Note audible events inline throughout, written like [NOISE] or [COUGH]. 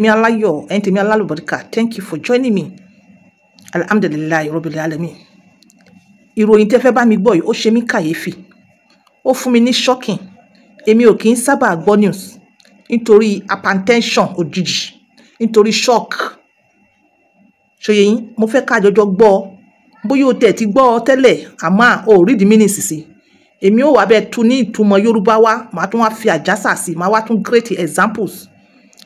mi yo enti mi ẹ̀yin tèmi alálùbọ̀dìkà thank you for joining me Alhamdulillah, rabbil alamin ìròyìn tẹ́ fẹ́ bá mi gbọ́ yìí ó ṣe mí kàyéfì ó fún mi ní shocking Emi ò kì í sábà gbọ́ news nítorí hypertension òjijì nítorí shock ṣòye yín mo fẹ́ ká jọjọ gbọ́ bóyá o tẹ̀ ti gbọ́ ọ tẹ́lẹ̀ àmọ́ ò rí di minutes sí èmi ò wá bẹ́ẹ̀ tu ní ìtumọ̀ Yorùbá wa màá tún wá fi àjàsà sí màá wá tún great examples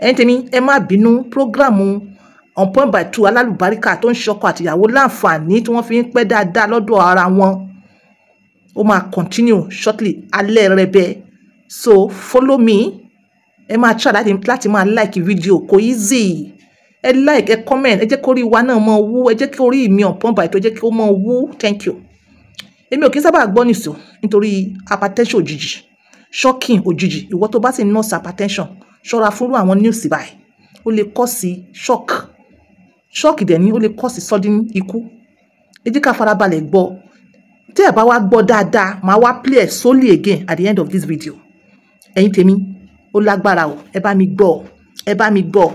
ẹ̀yin tèmi ẹ má bínú prógráàmù on point by two alálùbáríkà tó ń ṣọkọ àtìyàwó láǹfààní tí wọ́n fi ń pẹ́ dáadáa lọ́dọ̀ ara wọn ó máa continue shortly alẹ́ rẹ̀bẹ̀ so follow me ẹ máa try láti, láti máa like video kò easy ẹ like ẹ comment ẹ jẹ́ kó rí wa náà mọ wú ẹ jẹ́ kó rí mi on point by two ẹ jẹ́ kó mọ wú thank you èmi ò kí ń sábà gbọ́ nìṣó nítorí hypertension òjijì shocking òjijì ìwọ tó bá sì nurse hypertension ṣọ́ra fúnrú àwọn news báyìí ó lè kọ́sì shock shock dẹ̀ ni ó lè kọ́sì sudden ikú ẹ jẹ́ ká farabalẹ̀ gbọ́ tí ẹ bá wá gbọ́ dáadáa màá wá play ẹ̀ solely again at the end of this video ẹ̀yin tèmi ó lágbára o ẹ bá mi gbọ́ ẹ bá mi gbọ́.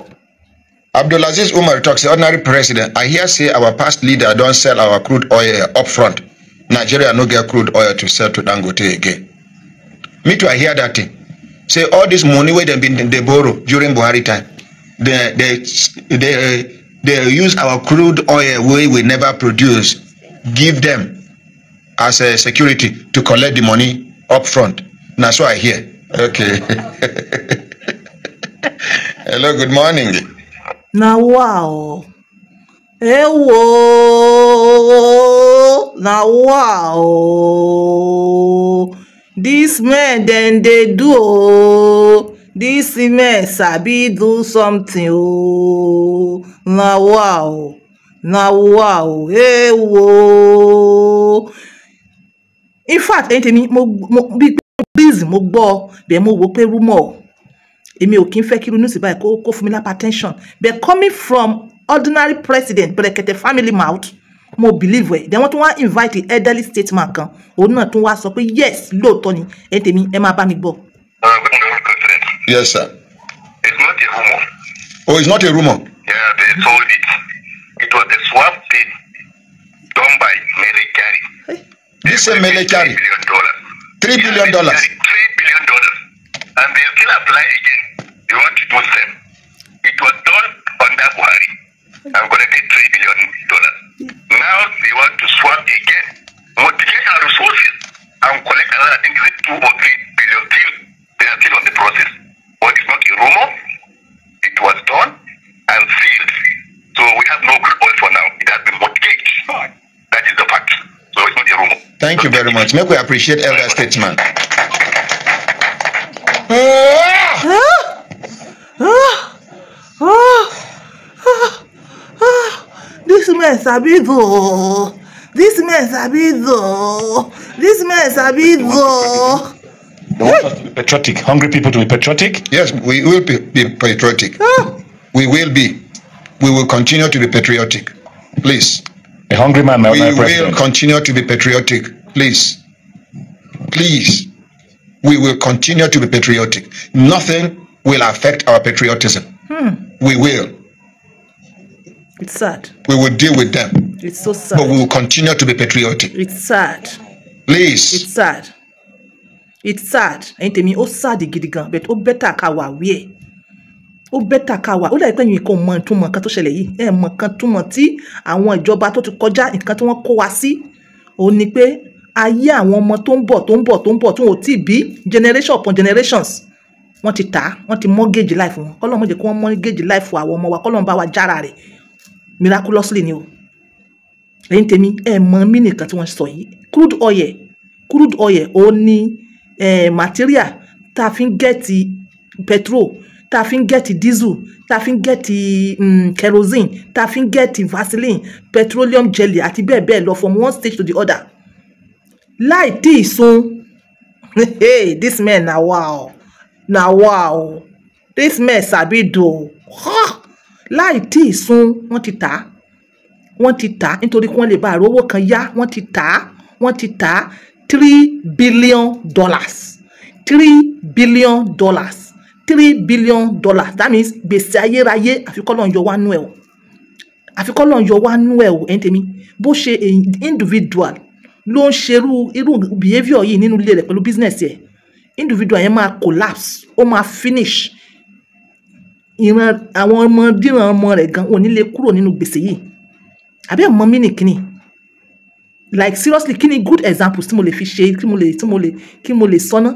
Abdulaziz Umar talks the ordinary president. I hear say our past leader don sell our crude oil up front. Nigeria no get crude oil to sell to Dangote again. Me too, I hear that thing. say all this money where they borrow during buhari time they they they they use our crude oil where we never produce give them as a security to collect the money up front na so i hear okay [LAUGHS] hello good morning. Now wow ewo Now wow. dis men dem dey do ooo dis men sabi do something ooo na wa oo na wa oo ewo eh, ooo in fact ẹ̀yin tèmi mo mo bíi pé mo breeze mo gbọ́ bẹ́ẹ̀ mo wò pé rumor èmi ò kí ń fẹ́ kí irunú sí báyìí kó kó fún mi lápá tension but coming from ordinary president pẹ̀lẹ́kẹ̀tẹ̀ family mouth mo believe ẹ then wọ́n tún wá invite elderly statement. kan òun náà tún wá sọ pé yes lóòótọ́ ni ẹ tèmi ẹ máa bá mi gbọ́. yes sir. it's not a rumour. oh it's not a rumour. yeah they told it it was a swap deal done by Melekari. this same Melekari. three billion dollars. three billion dollars. three billion dollars and they still apply again they want to do same it was done under Buhari i'm gonna pay three billion dollars. Now they want to swap again, multiply our resources, and collect another, I think, is it two or three billion till they are still on the process. But it's not a rumor. It was done and sealed. So we have no crude oil for now. It has been mortgaged. That is the fact. So it's not a rumor. Thank you very much. Make we appreciate elder statesman. men sabi this man, sabi though this man. sabi want us to be patriotic hungry people to be patriotic yes we will be, be patriotic ah. we will be we will continue to be patriotic please a hungry man my, we my president. will continue to be patriotic please please we will continue to be patriotic nothing will affect our patriotism hmm. we will It's sad. We will deal with them. It's so sad. But we will continue to be patriotic. It's sad. Please. It's sad. It's sad. Ẹyin tèmi oh sad gidi gan but oh better kawa we. wíẹ̀. better kawa. ká wà. Ó you come man to man, kato kan tó ṣẹlẹ̀ man, Ẹ mọ kan túmọ̀ tí àwọn to tó ti kọjá nǹkan tí wọ́n kó wa sí. Òun ni pé man, àwọn ọmọ tó ń bọ̀ tó ń bọ̀ tó ń generation upon generations wọ́n ti tà á wọ́n ti mortgage life wọn kọ́lọ́mù jẹ́ kí wọ́n mortgage life àwọn ọmọ wa kọ́lọ́mù bá wa jára rẹ̀ miraculously ni o ẹ̀yin tèmi ẹ mọ mí nìkan tí wọ́n sọ yìí crude oil crude oil ó ní eh, material tá a fi ń gẹ̀tì petrol tá a fi ń gẹ̀tì diesel tá a fi ń gẹ̀tì um, mm, kerosene tá a fi ń gẹ̀tì vaseline petroleum jelly àti bẹ́ẹ̀ bẹ́ẹ̀ lọ from one stage to the other láì tí ì sun hey, this man na wa o na wa o this man sabi do o láì tí ì sun wọ́n ti tà á wọ́n ti tà á nítorí kí wọ́n lè bá àrówó kan yá wọ́n ti tà á wọ́n ti tà á three billion dollars three billion dollars three billion dollars that means gbèsè ayérayé àfikọ́lọ́ ń yọ wá nú ẹ̀ o àfikọ́lọ́ ń yọ wá nú ẹ̀ o ẹ̀yin tèmi bó ṣe individual ló ń ṣerú irú behaviour yìí nínú ilé rẹ̀ pẹ̀lú business yẹn individual yẹn máa collapse ó máa finish ìran àwọn ọmọ díran ọmọ rẹ̀ gan wọn ò ní lè kúrò nínú gbèsè yìí àbí ẹ̀ mọ mí nìkíni like seriously kí good examples tí mo lè fi ṣe kí mo lè tí mo lè kí mo lè sọ náà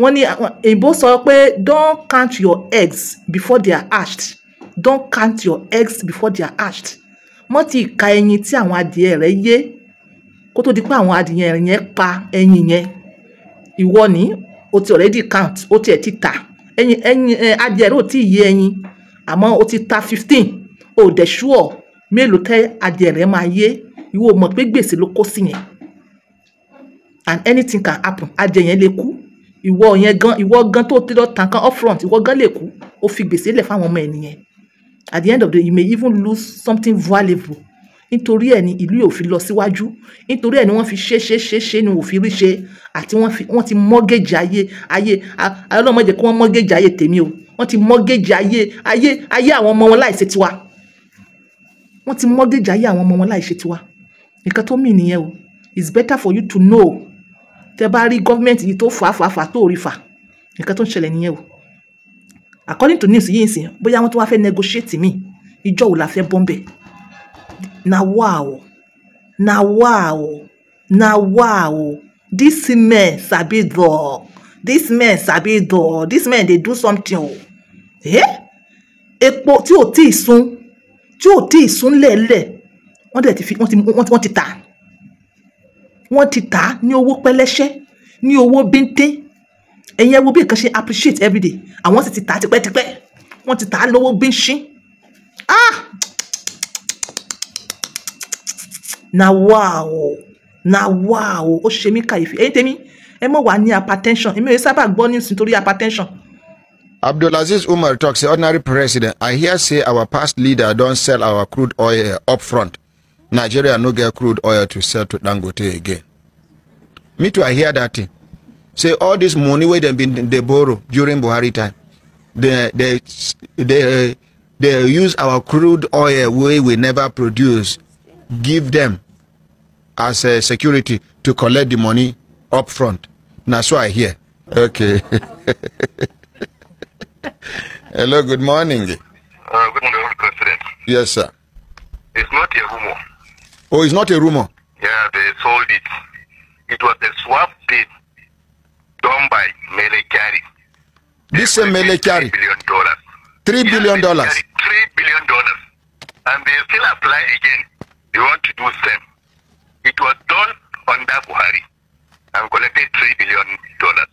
wọ́n ní èyìnbó sọ pé don't count your eggs before they are hatched don't count your eggs before they are hatched mọ́ ti ka ẹyin tí àwọn adìẹ rẹ̀ yé kó tó di pé àwọn adìẹ yẹn pa ẹyin yẹn ìwọ ni o ti already count o tiẹ̀ ti tà ẹyin ẹyin adìẹ rẹ ò tí ì yé ẹyin àmọ́ o ti ta fifteen o ò dẹ̀ ṣúọ̀ mélòó tẹ́ adìẹ rẹ máa yé ìwọ mọ̀ pé gbèsè ló kó sí yẹn and anything can happen adìẹ yẹn lè kú ìwọ yẹn gan ìwọ gan tó ti lọ tàn kan upfront ìwọ gan lè kú o fi gbèsè lẹ̀ fáwọn ọmọ ẹ̀ nìyẹn at the end of the day you may even lose something valuable nítorí ẹ̀ ni ìlú yóò fi lọ síwájú nítorí ẹ̀ ni wọ́n fi ṣe ṣe ṣe ṣe ni wọ́n fi rí ṣe àti wọ́n ti mọ́gẹ́jì ayé ayé ọlọ́mọdé kí wọ́n mọ́gẹ́jì ayé tèmi o wọ́n ti mọ́gẹ́jì ayé ayé ayé àwọn ọmọ wọn láìṣe tiwa wọ́n ti mọ́gẹ́jì ayé àwọn ọmọ wọn láìṣe tiwa nǹkan tó mì nìyẹn o it's better for you to know tẹ bá rí gọ́fìmẹ̀ntì yìí tó fà fà fà tó rí fà nǹkan tó ń ṣẹlẹ̀ nìyẹn o according to news yìí ń sìn bóyá wọ́n tó wá fẹ́ negotiate mi ìjọ wo la fẹ́ bọ́ńbẹ́ na wow na wow na wow dis men sabi draw dis men sabi draw dis men dey do something o eh epo tí ò tí ì sun tí ò tí ì sun lẹ́ẹ̀lẹ́ wọ́n dẹ̀ ti fi wọ́n ti wọ́n ti tà wọ́n ti tà ní owó pẹ́lẹ́ṣẹ́ ní owó bíntín ẹ̀yin ẹ wo bí nǹkan ṣe appreciate everyday àwọn sì ti tà tipẹ́tipẹ́ wọ́n ti tà lówó bínṣín ah na wow na wow ó ṣe mí kàyéfì ẹ̀yin tèmi ẹ mọ̀ wá ní hypertension èmi ò yẹ sábà gbọ́ news nítorí hypertension. abdulaziz umar talk say ordinary president i hear say our past leader don sell our crude oil eh, up front nigeria no get crude oil to sell to dangote again me too i hear dat thing say all dis money wey dem bin dey borrow during buhari time dey dey dey dey use our crude oil wey we never produce give them as a security to collect the money up front. That's why I hear. Okay. [LAUGHS] Hello, good morning. Uh, good morning, President. Yes, sir. It's not a rumor. Oh, it's not a rumor? Yeah, they sold it. It was a swap deal done by Melekari. This is Melekari. $3 billion. $3 billion. $3 billion. And they still apply again. under Buhari and collected three billion dollars.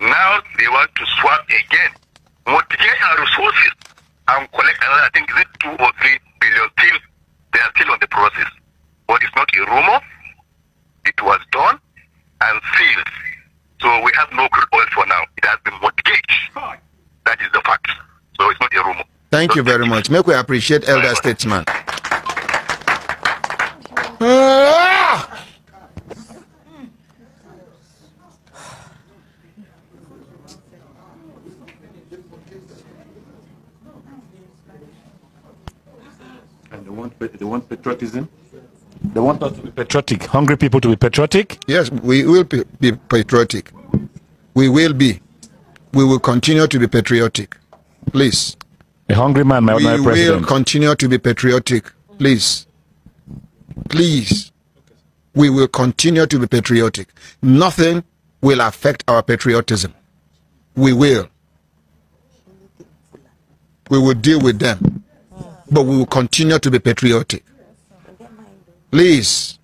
Now they want to swap again, mortgage our resources and collect another, I think, is it two or three billion still. They are still on the process. But it's not a rumor. It was done and sealed. So we have no crude oil for now. It has been mortgaged. That is the fact. So it's not a rumor. Thank so you very much. Make we appreciate elder statesman. They want, they want patriotism. They want us to be patriotic, hungry people to be patriotic. Yes, we will be patriotic. We will be. We will continue to be patriotic. Please. A hungry man, my, we president. We will continue to be patriotic. Please. Please. We will continue to be patriotic. Nothing will affect our patriotism. We will. We will deal with them but we will continue to be patriotic. Please,